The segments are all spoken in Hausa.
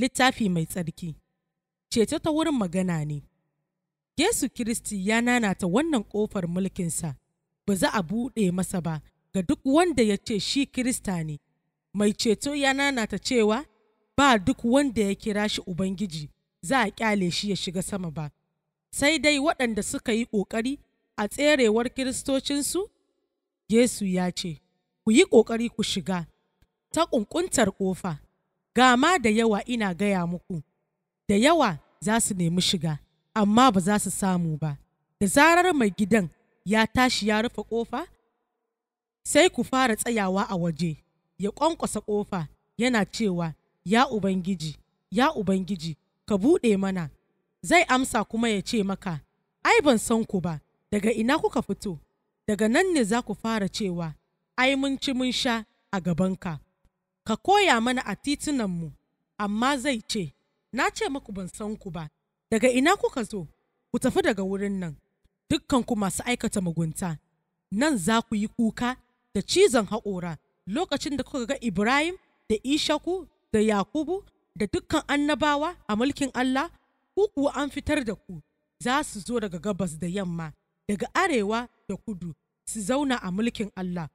littafi mai tsarki, ceto ta wurin magana ne. Yesu Kiristi ya nanata wannan ƙofar mulkinsa, ba za a buɗe masa ba ga duk wanda ya ce shi Kirista ne, mai ceto ya nanata cewa ba duk wanda ya kira shi Ubangiji za a ƙyale shi ya shiga sama ba, sai dai waɗanda suka yi ƙoƙari a tserewar Kiristocinsu? Yesu ya ce, Ku yi ƙoƙari ku shiga ta ƙunƙuntar ƙofa. gama da yawa ina gaya muku, da yawa za su nemi shiga, amma ba za su samu ba, da zarar mai gidan ya tashi ya rufe ƙofa, sai ku fara tsayawa a waje, ya ƙwanƙwasa ƙofa yana cewa, Ya Ubangiji, ya Ubangiji, ka buɗe mana, zai amsa kuma ya ce maka, Ai, ban san ku ba, daga ina kuka fito, daga nan ne za ku fara cewa, Ai, mun ci mun sha a gabanka. ka koya mana a titunanmu, amma zai ce, Na ce maku ban san ku ba, daga ina kuka zo, ku tafi daga wurin nan, dukkanku masu aikata mugunta, nan za ku yi kuka da cizon haƙora lokacin da kuka ga Ibrahim da Ishaku da Yakubu da dukkan annabawa a mulkin Allah, ku kuwa an fitar da ku, za su zo daga gabas da yamma, daga arewa da kudu, su zauna a mulkin Allah.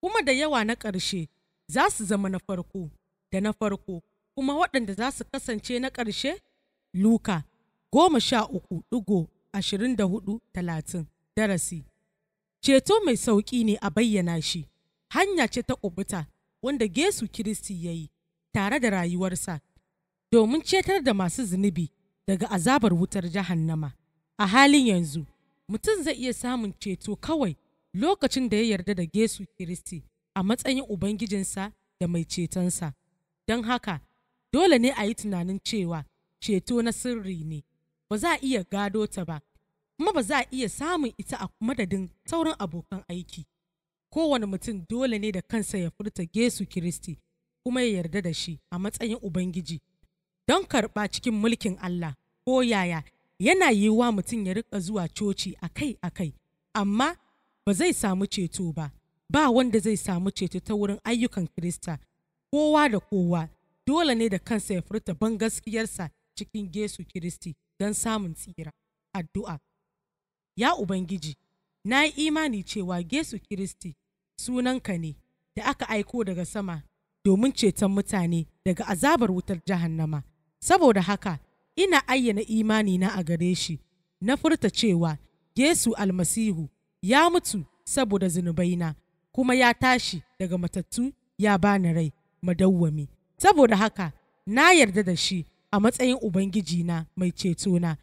Kuma da yawa na ƙarshe za su zama na farko da na farko kuma waɗanda za su kasance na ƙarshe Luka goma sha uku ɗigo ashirin da hudu talatin darasi. Ceto mai sauƙi ne a bayyana shi, hanya ce ta ƙubuta wanda Gesu Kiristi ya yi tare da rayuwarsa domin cetar da masu zunubi daga azabar wutar jahannama. A halin yanzu, mutum zai iya samun ceto kawai lokacin da ya yarda da Gesu Kiristi a matsayin Ubangijinsa da mai cetonsa. Don haka, dole ne a yi tunanin cewa ceto na sirri ne, ba za a iya gado ta ba, kuma ba za a iya samun ita a madadin sauran abokan aiki. Kowane mutum dole ne da kansa ya furta gesu Kiristi kuma ya yarda da shi a matsayin Ubangiji. Don karɓa cikin mulkin Allah ko yaya yana yiwuwa mutum ya riƙa zuwa coci akai-akai, amma ba zai samu ceto ba. ba wanda zai samu ceto ta wurin ayyukan Kirista, kowa da kowa dole ne da kansa ya furta ban gaskiyarsa cikin Yesu Kiristi don samun tsira. Addu'a Ya Ubangiji, na yi imani cewa Yesu Kiristi sunanka ne da aka aiko daga sama domin ceton mutane daga azabar wutar jahannama. Saboda haka, ina ayyana imani na a gare shi, na furta cewa Yesu almasihu ya mutu saboda zunubaina. kuma ya tashi daga matattu ya bani rai madawwami saboda haka na yarda da shi a matsayin ubangiji na mai ceto na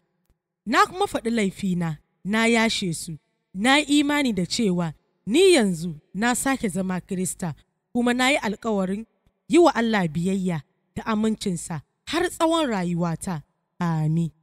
na kuma faɗi laifina na yashe su na imani da cewa ni yanzu na sake zama kirista kuma na yi alkawarin yi wa Allah biyayya da amincinsa har tsawon rayuwata amin